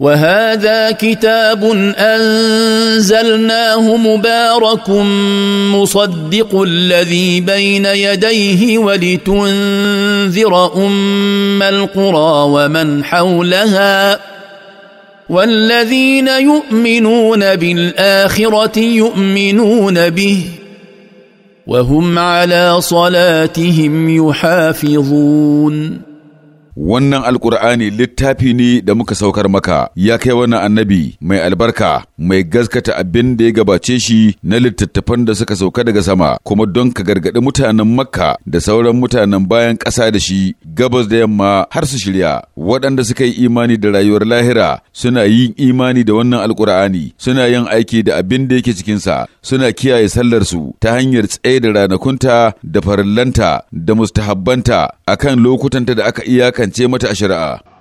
وهذا كتاب انزلناه مبارك مصدق الذي بين يديه ولتنذر ام القرى ومن حولها والذين يؤمنون بالاخره يؤمنون به وهم على صلاتهم يحافظون wannan alkur'ani littafi ne da muka saukar maka ya kai wannan annabi mai albarka mai gaskata abin da ya gabace shi na littattafan da suka sauka daga sama kuma don ka gargaɗi mutanen makka da sauran mutanen bayan ƙasa da shi gabas da yamma har su shirya waɗanda suka yi imani da rayuwar lahira suna yin imani da wannan alkur'ani suna yin aiki da abin da yake cikinsa suna kiyaye sallarsu ta hanyar tsaye da ranakunta da farillanta da mustahabbanta akan lokutanta da aka iyaka iyakance mata a shari'a.